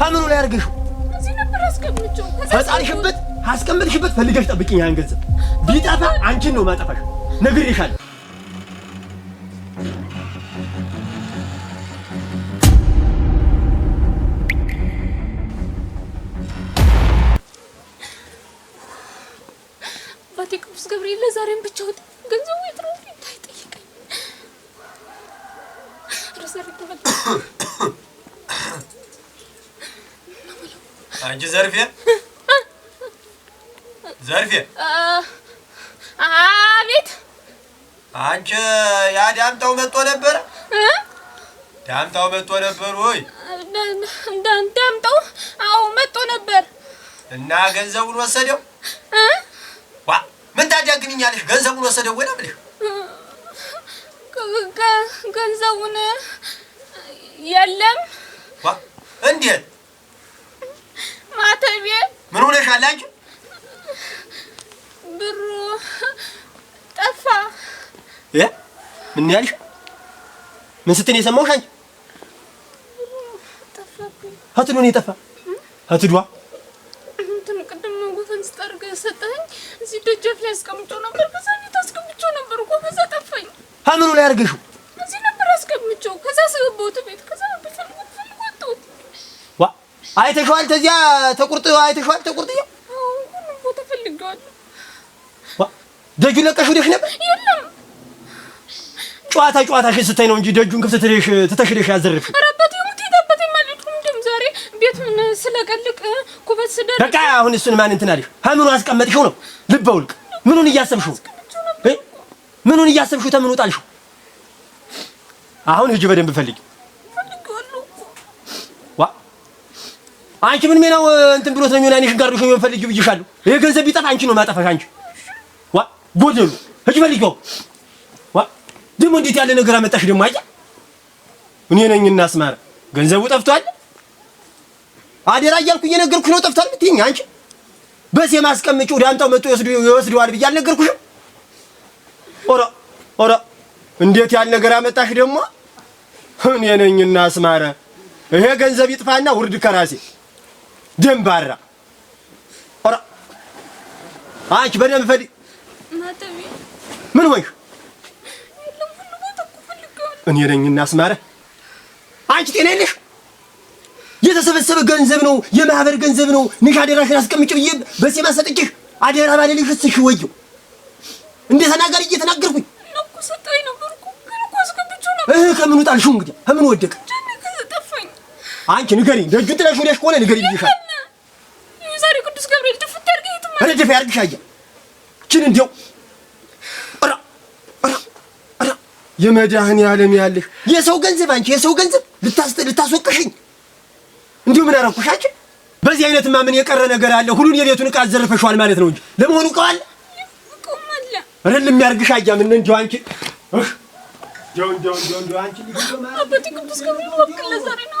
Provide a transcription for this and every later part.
ከምኑ ላይ አድርገሽው? እዚህ ነበር አስቀምጬው። ፈጣሪሽበት አስቀምጥሽበት ፈልገሽ ጠብቂኝ። ያን ገንዘብ ቢጠፋ አንቺን ነው ማጠፋሽ። ነግሬሻለሁ። ዘርፌ ዘርፌ አቤት አንቺ ያ ዳምጣው መጥቶ ነበር? ዳምጣው መጥቶ ነበር ወይ? ዳምጣው አዎ፣ መጥቶ ነበር እና ገንዘቡን ወሰደው። ዋ ምን ታዲያ ግንኛለሽ? ገንዘቡን ወሰደው ወይ ነው የምልሽ። ገንዘቡን የለም። ዋ እንዴት ማተቤ ምን ሆነሻል አንቺ? ብሩ ጠፋ። እ ምን ያልሽ? ምን ስትል የሰማሁሽ አንቺ? ሀትዶ ነው የጠፋ። ሀትዷ እንትን ቅድም ነው ጎፈን ስጠርግ ሰጠኝ። እዚህ ደጃፍ ላይ አስቀምጮ ነበር። ከዛ ቤት አስቀምጮ ነበር እኮ ከዛ ጠፋኝ። ሀምኑ ላይ አርገሽው? እዚህ ነበር አስቀምጮ። ከዛ ስገባሁት ቤት ከዛ ብፈልጉት አይተሽዋል? ተዚያ ተቁርጥ አይተሽዋል? ተቁርጥ ያው ቦታ ፈልጌዋለሁ። ደጁ ለቀሽ ሄደሽ ነበር? የለም ጨዋታ ጨዋታሽን ስታይ ነው እንጂ ደጁን ክፍት ትለሽ ትተሽልሽ ያዘርፍ አረበት ይሙት ይደበት የማልልኩም ደም ዛሬ ቤት ምን ስለቀልቅ ኩበት ስደር በቃ አሁን እሱን ማን እንትን አለሽ? ምኑን አስቀመጥሽው ነው? ልብ አውልቅ። ምኑን እያሰብሽው ምኑን እያሰብሽው ተምኑ ጣልሽው። አሁን ሂጂ በደንብ ፈልጊው። አንቺ ምን ሜናው እንትን ብሎት ነው የሚሆን? አይንሽን ጋርዶሽ ነው የምፈልጊው ብዬሻለሁ። ይሄ ገንዘብ ቢጠፋ አንቺ ነው ማጠፋሽ። አንቺ ዋ ጎደሉ እጅ ፈልጊው። ዋ ደግሞ እንዴት ያለ ነገር አመጣሽ ደግሞ። አያ እኔ ነኝ እና አስማረ ገንዘቡ ጠፍቷል። አደራ እያልኩ እየነገርኩሽ ነው። ጠፍቷል ብትይኝ አንቺ በዚህ ማስቀምጪው ዳንጣው መጥቶ ይወስዱ ይወስደዋል ብዬ አልነገርኩሽም? ኦራ ኦራ እንዴት ያለ ነገር አመጣሽ ደግሞ። እኔ ነኝ እና አስማረ ይሄ ገንዘብ ይጥፋና ውርድ ከራሴ ደንባራ ኧረ አንቺ በደንብ ፈል ምን ሆንሽ? እኔ ነኝ እናስማረ። አንቺ ጤና የለሽ። የተሰበሰበ ገንዘብ ነው የማህበር ገንዘብ ነው። ንሽ አደራሽን አስቀምጭ ብዬ በሴማ ሰጥቼሽ አደራ ባለልሽ እስሽ ወየው እንደ ተናጋሪ እየተናገርኩኝ እህ ከምኑ ጣልሽው እንግዲህ ከምን ወደቀ አንቺ ንገሪኝ። ደጁ ጥለሽ ወዲያሽ ከሆነ ንገሪኝ ይሻል ገብርኤል ድፍት ያርግ ይትማ ረደፍ ያርግሽ። አያ ችን እንዲያው ራ ራ ራ የመዳህን ያለም ያለሽ የሰው ገንዘብ አንቺ የሰው ገንዘብ ልታስወቅሽኝ እንዲሁ ምን አረኩሽ አንቺ? በዚህ አይነት ምን የቀረ ነገር አለ? ሁሉን የቤቱን ዕቃ አዘርፈሽዋል ማለት ነው እንጂ ለመሆኑ ዕቃው አለ ረል የሚያርግሽ አያ ምን እንዲያው አንቺ እንዲያው እንዲያው እንዲያው አንቺ ልጅ ማለት አባቴ ቅዱስ ገብርኤል ወክለ ዛሬ ነው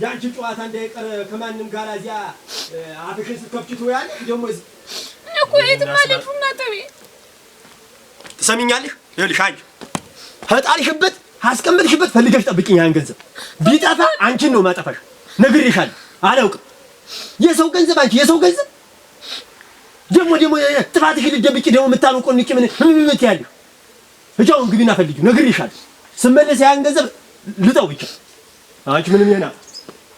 የአንቺ ጨዋታ እንዳይቀር ከማንም ጋር እዚያ አፍሽን ስትከፍቺ ትውያለሽ። ደግሞ እኮ የትማ ልጅ ሁና ተቤ ትሰሚኛለሽ። ይኸውልሽ አንቺ ከጣልሽበት አስቀምጥሽበት ፈልገሽ ጠብቂኝ። ያን ገንዘብ ቢጠፋ አንቺን ነው ማጠፋሽ። ነግሬሻለሁ። አላውቅም የሰው ገንዘብ አንቺ የሰው ገንዘብ ደግሞ ደግሞ ጥፋትሽን ልትደብቂ ደግሞ የምታልቆን ንቂ ምን ምን ትያለሽ? እጃውን ግቢና ፈልጊው። ነግሬሻለሁ። ስመለስ ያን ገንዘብ ልጠው ብቻ አንቺ ምንም የና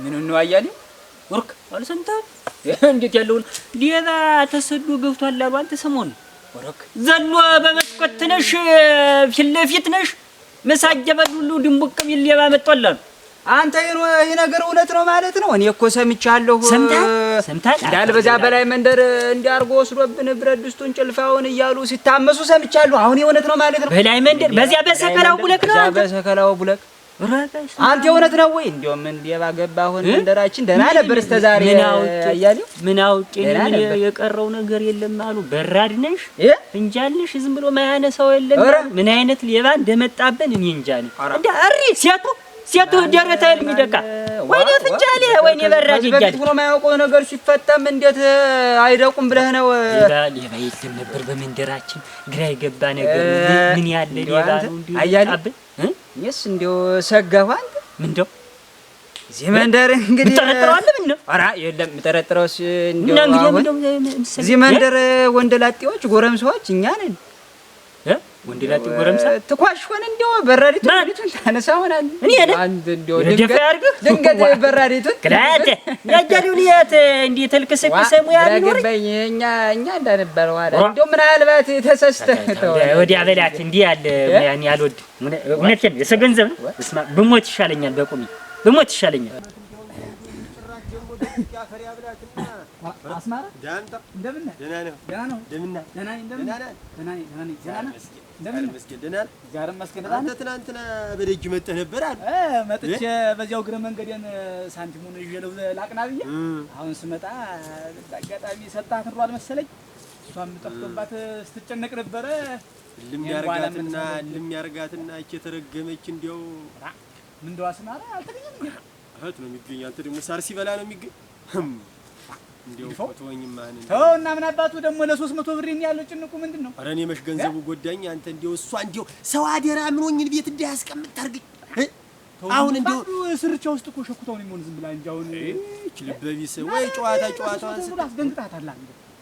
ምን ነው እንዋያለን? ወርክ አልሰምተህም? እንዴት ያለውን ሌባ ተሰዶ ገብቷል። ላባንተ ሰሞን ወርክ ዘሎ በመስኮት ነሽ፣ ፊት ለፊት ነሽ መሳጀ በዱሉ ድንቡቅ ቢል ሌባ መጥቷል አሉ። አንተ ይህ ነገር እውነት ነው ማለት ነው? እኔ እኮ ሰምቻለሁ። ሰምታ ሰምታ ሰምተሃል? በዛ በላይ መንደር እንዲያርጎ ወስዶብን ብረት ድስቱን ጭልፋውን እያሉ ሲታመሱ ሰምቻለሁ። አሁን የእውነት ነው ማለት ነው? በላይ መንደር በዚያ በሰከላው ቡለክ ነው። በሰከላው ቡለክ አንተ የእውነት ነው ወይ? እንደው ምን ሌባ ገባ? አሁን መንደራችን ደህና ነበር እስከ ዛሬ። ምን አውቄ የቀረው ነገር የለም አሉ። በራድ ነሽ እንጃልሽ፣ ዝም ብሎ ማያነሳው የለም። ምን አይነት ሌባ እንደመጣብን እኔ እንጃ ነኝ። እንደ እሪ ሴቱ ሴቱ ደረታ የሚደቃ ወይኔ ፍንጃሌ ወይኔ በራድ ይጃል ብሎ ማያውቀው ነገር ሲፈጠም እንዴት አይደቁም ብለህ ነው? ሌባ የለም ነበር በመንደራችን። ግራ የገባ ነገር ምን ያለ ሌባ ነው እንዲሁ የስ እንዲያው ሰጋሁ አንተ ምንድነው እዚህ መንደር እንግዲህ እጠረጥረዋለሁ። ምነው ኧረ የለም የምጠረጥረውስ እንዲያው እዚህ መንደር ወንደላጤዎች ጎረምሳዎች እኛ ነን። ወንድ ላጤ ጎረምሳ ትኳሽ ሆነ እንደው በራዴቱ ቤቱን ታነሳ ሆናል። እኔ ያለ አንድ እንደው ደፋ ያርግህ ድንገት በራዴቱን ክላደ ያጃሊው ሊያት እንዴ ተልከሰክ ሰሙ ያሉ ገባኝ። እኛ እኛ እንዳነበረው አለ እንደው ምናልባት ተሰስተህ ወዲያ በላት እንዴ ያለ ያን ያልወድ እውነቴን የሰው ነው። እስማ ብሞት ይሻለኛል፣ በቁሚ ብሞት ይሻለኛል። አስማረ እንደምን ነህ? በደጅ መጥተህ ነበር አሉ። መጥቼ በዚያው እግረ መንገዴን ሳንቲሙን ይዤ ላቅና ብዬ አሁን ስመጣ አጋጣሚ ሰጣህ ትሯል መሰለኝ። እሷም ጠፍቶባት ስትጨነቅ ነበረ። እልም ያርጋትና እች የተረገመች እንዲያው ምን እንደው አልተገኘም። እህት ነው የሚገኝ። አንተ ደግሞ ሳር ሲበላ ነው የሚገኝ ተው እና ምን አባቱ ደግሞ ለሶስት መቶ ብር ያለው ጭንቁ ምንድን ነው? ኧረ እኔ መች ገንዘቡ ጎዳኝ። አንተ እንዲያው እሷ እንዲያው ሰው አደራ ምኖኝን ቤት እንዳያስቀምጥ ታርገኝ። አሁን እንዲያው ስርቻ ውስጥ እኮ ሸኩታው ነው የሚሆን። ዝም ብላ እንጂ አሁን ልበቢስ ወይ ጨዋታ ጨዋታ አስደንግጣታል።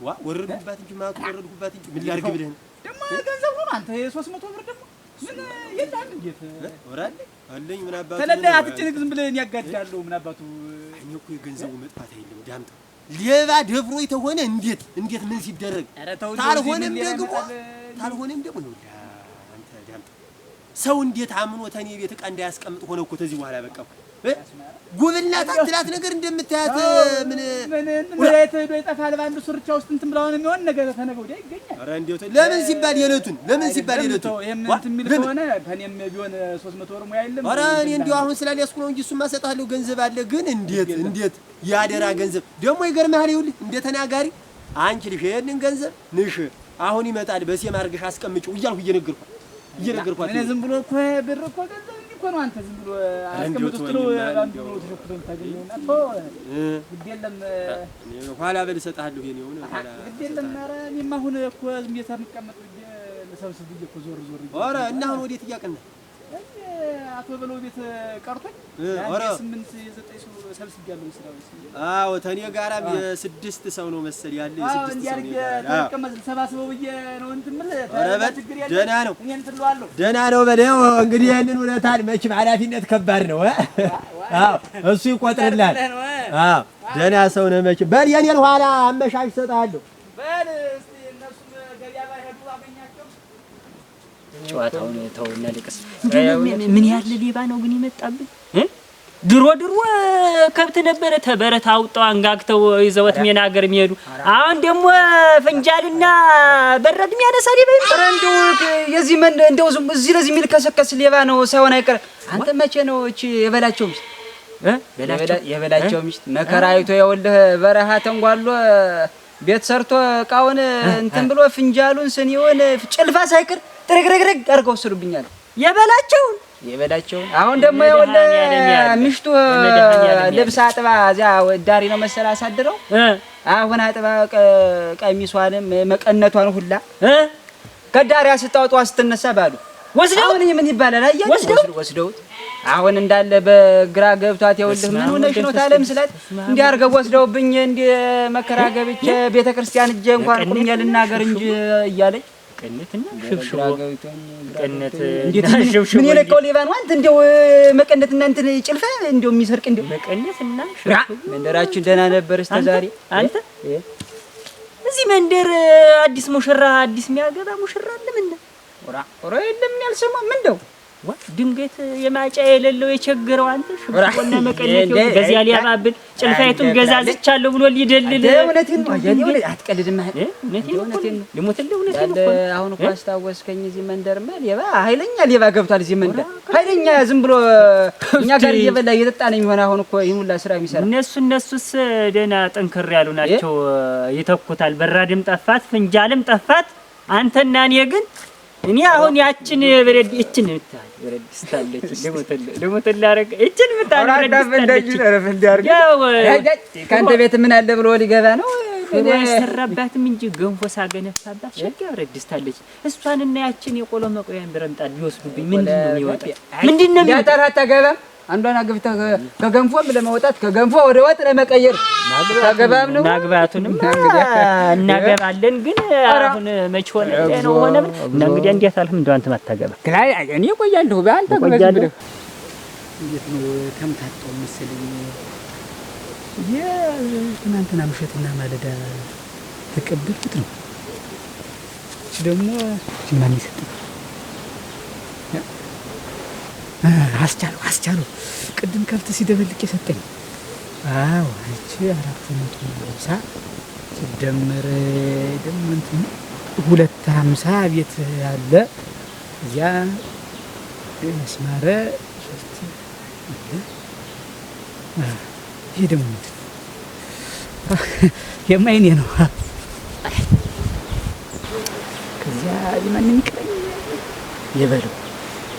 ዋ ወረድኩባት እንጂ ማቱ ወረድኩባት እንጂ ምን ላድርግ ብለህ ነው ደግሞ ገንዘቡ ነው አንተ የሶስት መቶ ብር ደግሞ ምን የታን እንዴት ወራል አለኝ ምን አባቱ ተለዳ አትጭንቅ። ዝም ብለህ እኔ ያጋድዳለሁ ምን አባቱ እኔ እኮ የገንዘቡ መጥፋት አይደለም ዳምጠው ሌባ ደብሮ የተሆነ እንዴት እንዴት ምን ሲደረግ ታልሆነም ደግሞ ታልሆነም ደግሞ ነው። ሰው እንዴት አምኖ ተኔ ቤት እቃ እንዳያስቀምጥ ሆነ እኮ ተዚህ በኋላ በቃ ጉብና ታትላት ነገር እንደምታያት ምን ወላይት ሄዶ ይጠፋል። በአንድ ሱርቻ ውስጥ እንትን ብላውን የሚሆን ነገር ተነገው ዳ ይገኛል። ለምን ሲባል የለቱን ለምን ሲባል የለቱን ይሄን የሚል ከሆነ ከኔም ቢሆን 300 ወር ሙያ አይደለም። ኧረ እኔ እንዲሁ አሁን ስላልያዝኩ ነው እንጂ እሱማ እሰጥሃለሁ ገንዘብ አለ። ግን እንዴት እንዴት ያደራ ገንዘብ ደግሞ ይገርምሃል። ይኸውልህ እንደ ተናጋሪ አንቺ ልሽ ይሄንን ገንዘብ ንሽ አሁን ይመጣል በሴም አድርገሽ አስቀምጪው እያልኩ እየነገርኳት እየነገርኳት እኔ ዝም ብሎ እኮ ብር እኮ ገንዘብ እኮ ነው። አንተ ዝም ብሎ አስቀምጦ ስትለው አንዱ ብሎ ተሸኩቶ የምታገኘው እና እኮ ግድ የለም ኋላ በል እሰጥሃለሁ። የእኔ ሆነ ግድ የለም። ኧረ እኔማ አሁን እኮ ዝም ብዬ ከምቀመጥ ብዬሽ ልሰብስብ ብዬሽ እኮ ዞር ዞር ኧረ እና አሁን ወዴት እያቀናህ አቶ በለው ቤት ቀርቶኝ ስምንት የዘጠኝ ሰው ሰብስቤያለሁ። አዎ ተኔ ጋራም የስድስት ሰው ነው መሰል ያለ ሰባስበው ብዬ ነው እንትን የምልህ። ደህና ነው ደህና ነው በለው። እንግዲህ ይህንን እውነታን መቼም ኃላፊነት ከባድ ነው። እሱ ይቆጥርላል። ደህና ሰው ነው መቼም። በል የኔን ኋላ አመሻሽ እሰጥሃለሁ ጨዋታውን ተውና ልቅስ። ምን ያለ ሌባ ነው ግን ይመጣብን። ድሮ ድሮ ከብት ነበረ ተበረት አውጣው አንጋግተው ይዘወት ሜን ሀገር የሚሄዱ አሁን ደግሞ ፍንጃልና በረድ የሚያነሳ ሌባ ይመጣል። እንደው የዚህ መን እንደው ዝም እዚህ ለዚህ የሚልከሰከስ ሌባ ነው ሳይሆን አይቀር። አንተ መቼ ነው እቺ የበላቸው ሚስት የበላቸው ሚስት መከራይቶ የወልህ በረሃ ተንጓሎ ቤት ሰርቶ እቃውን እንትን ብሎ ፍንጃሉን ስኒውን ጭልፋ ሳይቀር ጥርግርግርግ አድርገው ወሰዱብኛል። የበላቸውን የበላቸውን አሁን ደግሞ ምሽቱ ልብስ አጥባ እዚያ ዳሪ ነው መሰል አሳድረው አሁን አጥባ ቀሚሷንም መቀነቷን ሁላ ከዳሪያ ስታወጧ ስትነሳ ባሉ ወስደው አሁን ምን ይባላል? አያ ወስደው ወስደው አሁን እንዳለ በግራ ገብቷት የውልህ ምን ሆነሽ ነው ታለም ስላት እንዲህ አድርገው ወስደውብኝ እንዲህ መከራ ገብቼ ቤተክርስቲያን እጄ እንኳን ቁሜ ልናገር እንጂ እያለች ቅነት እና ሽብሽቦ ቅነት ምን የለቀው ሌባ ነው አንተ እንደው መቀነት እና እንትን ጭልፈ እንደው የሚሰርቅ እንደው መቀነት ሽብሽቦ መንደራችን ደህና ነበር እስከ ዛሬ አንተ እዚህ መንደር አዲስ ሙሽራ አዲስ የሚያገባ ሙሽራ አለ ምን ወራ ወራ የለም ያልሰማ ምን እንደው ድንገት የማጫ የሌለው የቸገረው አንተ ሽቦና መቀነት በዚያ ሊያባብል ጭልፋይቱን ገዛዝቻለሁ ብሎ ሊደልል እውነቴን ነው። አትቀልድም። ልሞትልህ። እውነቴን ነው። አሁን እኮ አስታወስከኝ። እዚህ መንደርማ ሌባ ኃይለኛ ሌባ ገብቷል። እዚህ መንደር ኃይለኛ ዝም ብሎ እኛ ጋር እየበላ እየጠጣ ነው የሚሆን። አሁን እኮ ይህን ሁላ ስራ የሚሰራ እነሱ እነሱስ ደህና ጠንከር ያሉ ናቸው። ይተኩታል። በራድም ጠፋት፣ ፍንጃልም ጠፋት። አንተና እኔ ግን እኔ አሁን ያችን ብረት እችን ምታል ከአንተ ቤት ምን አለ ብሎ ሊገባ ነው? አይሰራባትም እንጂ ገንፎ ሳገነፋባት ሸጋ ብረት እሷንና ያችን የቆሎ መቆያን ብረምጣድ ቢወስዱብኝ ምንድን ነው የሚወጣ? ምንድን ነው የሚወጣ? ገባ አንዷን አግብተህ ከገንፎም ለማውጣት ከገንፎ ወደ ወጥ ለመቀየር ታገባም ነው። ማግባቱንም እናገባለን። ግን አሁን መች ሆነ ነው ሆነ ምን እና እንግዲህ እንዴት አልህ እንደው አንተ ማታገባ ክላይ እኔ ቆያለሁ። በአንተ ቆያለሁ። እንዴት ነው ተምታጣው መሰለኝ። የትናንትና ምሽትና ማለዳ ተቀበልኩት ነው ደግሞ ማን ይሰጥ አስቻለው አስቻለው ቅድም ከብት ሲደበልቅ የሰጠኝ አዎ ይቺ አራት መቶ ሀምሳ ሲደመር ደግሞ እንትን ሁለት ሀምሳ ቤት አለ እዚያ መስማረ ሶስት ይህ ደግሞ ምንድን የማይኔ ነው። ከዚያ ማንም ይቅረኝ የበለው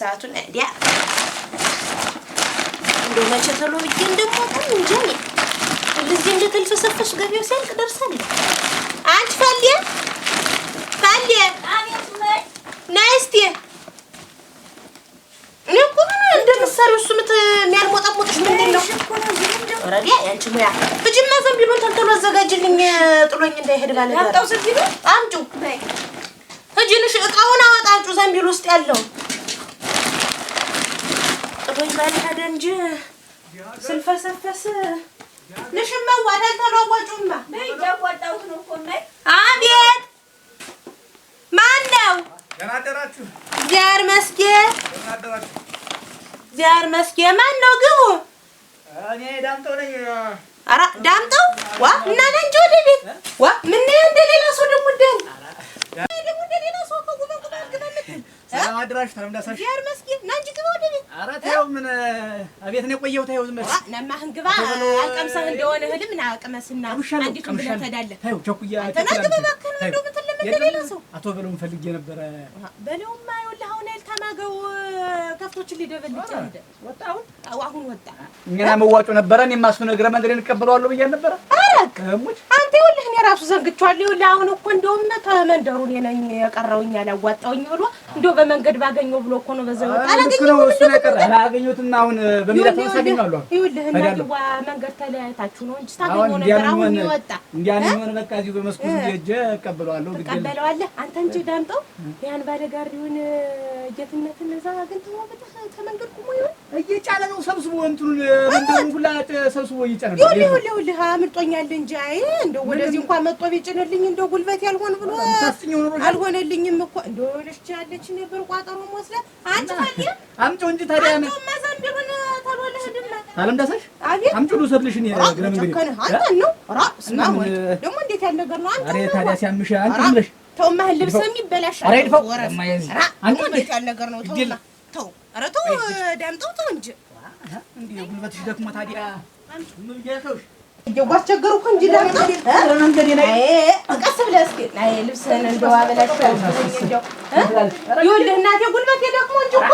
ሰዓቱን ዲያ እንደው መቼ ተሎ ብዬ እንደቆጠም እንጂ እንደዚህ እንደተልፈሰፈሽ ገቢው ሲያልቅ ደርሳለሁ። አንቺ ፋልየ ፋልየ ነይ እኔ እኮ ምን እንደምትሰሪው እሱ የሚያልሞጠሞጥሽ ምንድን ነው? ኧረ ዲያ ሙያ ብጅማ ዘንቢሉን ተንተሎ አዘጋጅልኝ ጥሎኝ እንዳይሄድ ማለት ነው። አምጪው እጅንሽ እቃውን አወጣጩ ዘንቢሉ ውስጥ ያለው አቅዶኝ ባልሄደ እንጂ ስልፈሰፈስ ልሽመዋ አልተለወጩማ። አቤት ማን ነው? እግዚአብሔር ይመስገን፣ እግዚአብሔር ይመስገን። ማን ነው? ግቡ። ኧረ ዳምጠው ዋ እና ነን እንጂ ወደ ቤት ዋ ምን እንደ ሌላ ሰው ደግሞ ሰላም አድራሽ ሰላም ዳሳሽ ያር መስጊድ ና ግባ ወደ ቤት። ኧረ ተይው፣ ምን አቤት ነው የቆየው? ተይው ዝም በል ነማህን ግባ። አልቀምሰህ እንደሆነ ህልም ና ቀመስና አንዲቱ ብለህ ተዳለህ። ተይው ቸኩያ ተናግበህ እባክህ ነው እንደው ብትልም እንደሌላ ሰው አቶ በለውን ፈልጌ ነበረ። በለውማ ይኸውልህ አሁን አይደል ከብቶችን ሊደበልጭ እንደ ወጣ አሁን አሁን ወጣ። እኛ መዋጮ ነበረ። እኔማ እሱ ነግረህ መንገዴን እቀበለዋለሁ ብዬሽ ነበረ። አንተ ይኸውልህ እኔ እራሱ ዘንግቼዋለሁ። ይኸውልህ አሁን እኮ እንደውም ከመንደሩ እኔ ነኝ የቀረውኝ አላዋጣውኝ ብሎ እንዲያው በመንገድ ባገኘው ብሎ እኮ ነው። በዛ አላገኘሁትም። አሁን በሚለፈው ሳገኘዋለሁ። ይኸውልህ እናትዋ መንገድ ተለያየታችሁ ነው እንጂ ታገኘው ነበር። አሁን ይወጣ እንዲያን ይሆን በቃ እዚሁ በመስኮት ሄጄ እቀበለዋለሁ። ትቀበለዋለህ አንተ እንጂ ዳምጠው ያን ባለጋሪውን ጌትነትን እዛ አግኝተኸው ከመንገድ ቁሞ ይሆን እየጫነ ነው ሰብስቦ እንትኑን መንደሩን ሁላ ሰብስቦ እየጫነ ነው። ይኸውልህ ይኸውልህ ይኸውልህ አምልጦኛል እንጂ አይ እንደው ወደዚህ እንኳን መጥቶ ቢጭንልኝ እንደው ጉልበት ያልሆን ብሎ አልሆነልኝም እኮ እንደው ይኸውልሽ ያለች ነበር ቋጠሮ ወስደ አንቺ ታዲያ አምጪው እንጂ ታዲያ ነው ማዘንድሩን ተሎልህ ድምላ አለም ዳሰሽ አቤት አምጪው ልውሰድልሽ እኔ ግረ መንገድ አንተ ነው ራስ ነው ደግሞ እንዴት ያለ ነገር ነው አንተ ነው ታዲያ ሲያምሽ አንተ ብለሽ ተውማ ልብስም ይበላሻል። አረ ይድፈው ወራ አንተ ነው ያለ ነገር ነው ተውማ ኧረ ተው ዳምጠው ተው እንጂ እንዴ ጉልበትሽ ደክሞ ታዲያ ምን ያሰውሽ እንጂ ቀስ ብለህ እስኪ ልብስህን እንደው አበላሽታለሁ ይኸውልህ እናቴ ጉልበቴ ደክሞ እንጂ እኮ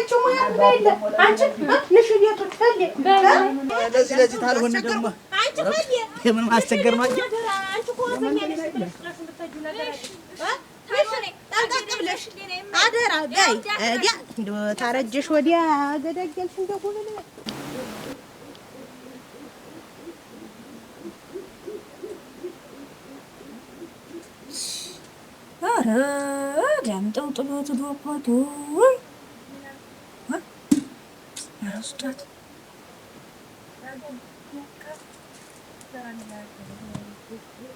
እቺ ሙያ ምን አይለ አንቺ ንሽ ቤቱ ትፈልጊ ለዚህ ለዚህ ነው ብለሽ አደራ ጋይ እዲያ እንደው ታረጀሽ ወዲያ ገዳገልሽ እንደው ሁሉ ኧረ ዳምጠው ጥሎት ዶኮቱ ስጣት Thank you.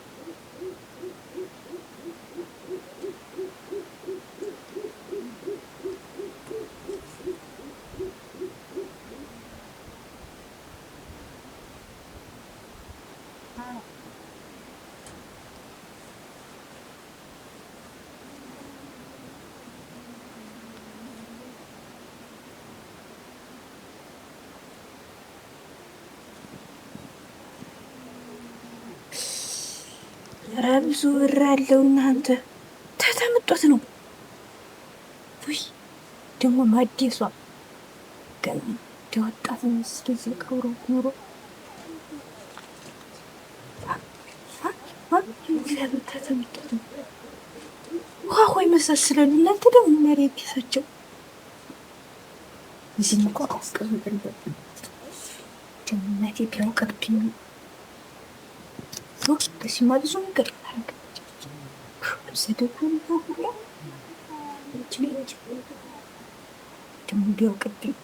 ኧረ ብዙ ብር አለው እናንተ ተተምጦት ነው። ውይ ደግሞ ማዴሷ ገና እንደወጣት መስጊዜ ቀብሮ ኑሮ ተተምጦት ነው። ውሃ ሆይ መሳስለን እናንተ ደግሞ መሬት ኪሳቸው እዚህ እንኳ አስቀምጠን ጀመቴ ቢያውቀብኝ ከሲማ ብዙ ነገር ታረግ ሰደጉን ሁሉ ደሞ ቢያውቅብኝ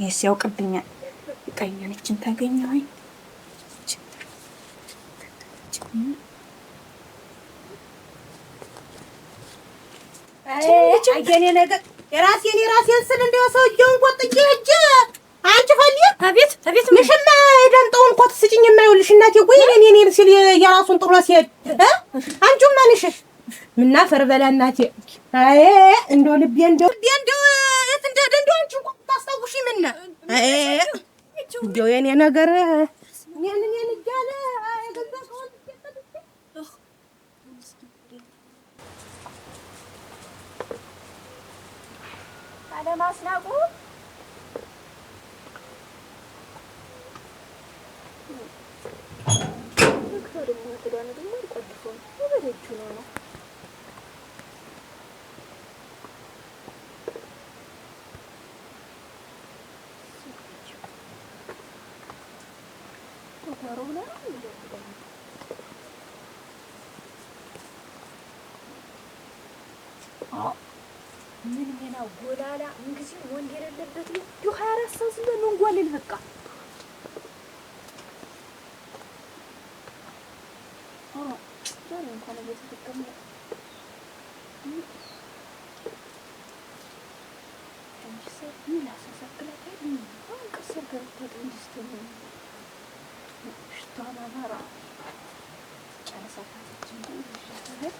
ይህ ሲያውቅብኛል ይቀኛለችን ታገኘዋኝ የኔ ነገር የራሴን የራሴን ስል እንደው ሰውዬውን ቆጥቼ ሂጅ። አንቺ ፈልግ አቤት አቤት ምሽማ የዳምጠውን ኮት ስጭኝ የማይውልሽ እናቴ ወይ እኔ እኔ ሲል የራሱን ጥሎ ሲሄድ አንቺማ ማንሽ ምና ፈርበላ እናቴ። አይ እንደው ልቤ እንደው ልቤ እንደው የት እንደሄደ እንደው አንቺ እንኳን ታስታውሺ ምና አይ እንደው የኔ ነገር ያን ያን እያለ አለማስናቁ ደግሞ ትዳኑ ደግሞ አልቆልፎም ነው። ሽቷን አማራ ጨረሰታለች እንጂ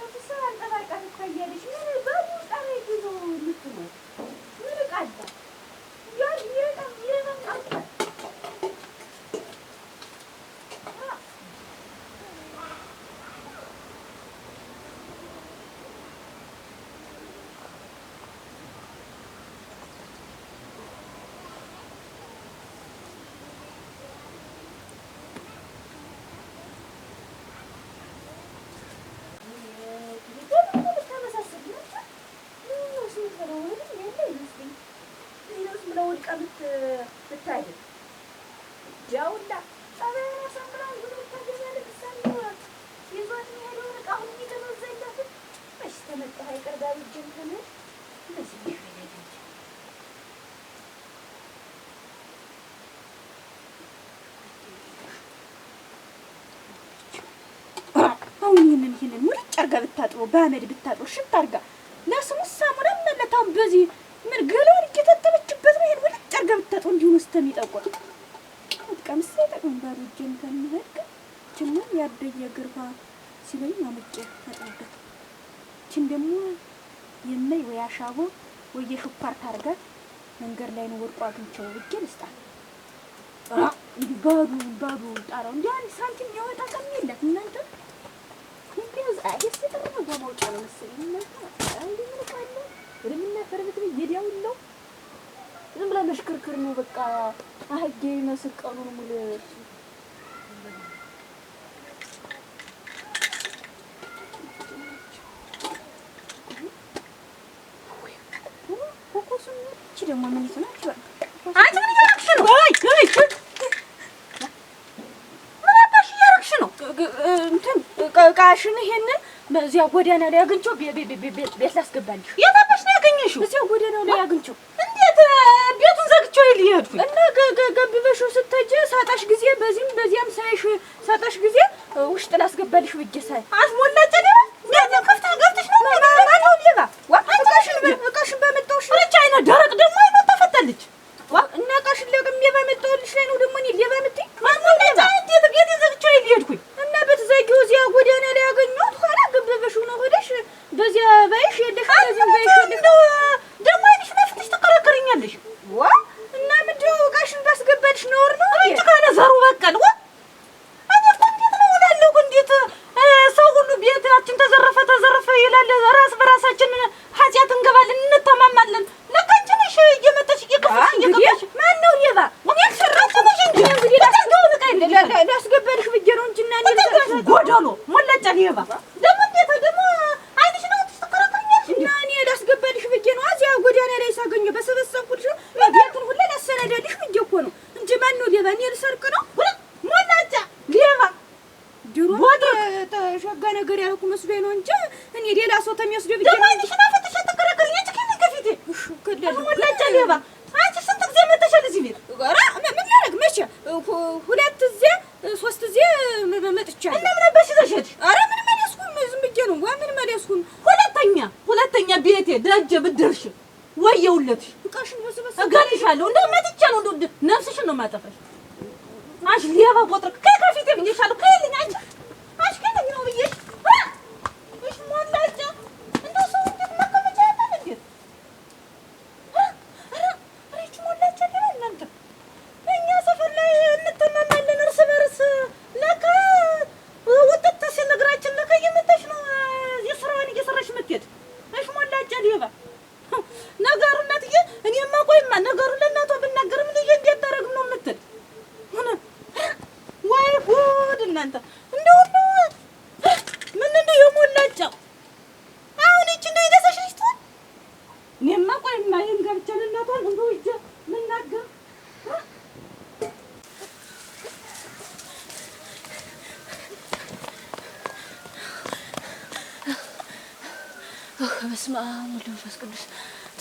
What ፀሐይ ቀርባ ብጅም ሆነ እነዚህ ይፈለጋል። አሁን ይህንን ይህንን ሙልጭ አርጋ ብታጥቦ በአመድ ብታጥቦ ሽት አርጋ ለስሙ ሳሙና መለታውን በዚህ ምን ገላውን እየታጠበችበት ነው። ይህን ሙልጭ አርጋ ብታጥቦ እንዲሁን ስተሚጠቆጥ ቀምስ ጠቅም ባዶ ከሚሄድ ግን ያደየ ሲለኝ እችን ደግሞ የማይ ወይ አሻቦ ወይ የሽኳር ታርጋት መንገድ ላይ ነው ወድቆ አግኝቼው ብቻ ልስጣት። ባዶ ባዶ ጣራው አንድ ሳንቲም ያወጣ ከምን እናንተ አይስ ነው እናንተ ምን ነው ነው ዝም ብላ መሽክርክር ነው በቃ አህጌ መስቀሉን ሙሉ እቃሽን ይሄንን እዚያ ጎዳና ላይ አግኝቼው ቤት ላስገባልሽ። ነው ያገኘሽው? እዚያ ጎዳና ላይ አግኝቼው። እንዴት ቤቱን ዘግቼው እና ስትሄጂ ሳጣሽ ጊዜ በዚህም በዚያም ሳይሽ ሳጣሽ ጊዜ ላስገባልሽ ብዬሽ ሳይ ላገኘሁ በሰበሰብኩልሽ ቤቱን ሁላ ላሰናዳድሽ ብዬሽ እኮ ነው እንጂ ማነው ሌባ? እኔ ልሰርቅ ነው ሞናጫ ሌባ። ድሮ ሸጋ ነገር ያልኩ መስሎኝ ነው እንጂ እኔ ሌላ ሰው ተሚወስደው ብዬሽ ነው። ሞናጫ ሌባ እገድልሻለሁ። እንደው መጥቼ ነው እንደው ነፍስሽን ነው የማጠፋሽ።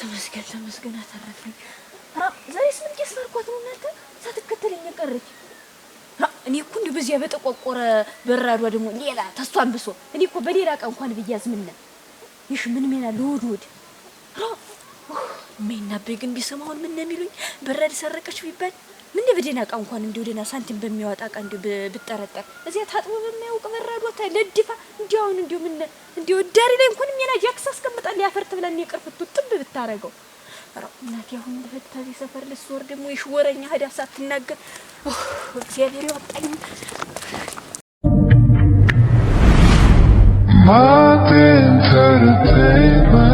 ተመስገን ተመስገን አተረፈኝ። ዛሬ ስምንት ቄስ ማርኳት ነው እናንተ ሳትከተለኝ ቀረች። እኔ እኮ እንዲሁ በዚያ በጠቆቆረ በራዷ ደግሞ ሌላ ተስቷ አንብሶ እኔ እኮ በሌላ ዕቃ እንኳን ብያዝ ምነ ይሽ ምን ሜና ለወድ ወድ እማይናበይ ግን ቢሰማውን ምን ነው የሚሉኝ በራድ ሰረቀች ቢባል ምን በደህና ቃ እንኳን እንዲሁ ደህና ሳንቲም በሚያወጣ ቃ እንዲሁ ብጠረጠር እዚያ ታጥቦ በሚያውቅ በራዶታ ለድፋ እንዲሁ አሁን እንዲሁ ምን እንዲሁ ዳሪ ላይ እንኳን የሚያና ጃክስ አስቀምጣል ያፈርት ብለን የቅርፍቱ ጥብ ብታረገው ኧረ እናቴ አሁን በፈታዚ ሰፈር ልስወር ደግሞ የሽወረኛ ህዳ ሳትናገር እግዚአብሔር ያወጣኝ ማቴን ተርቴ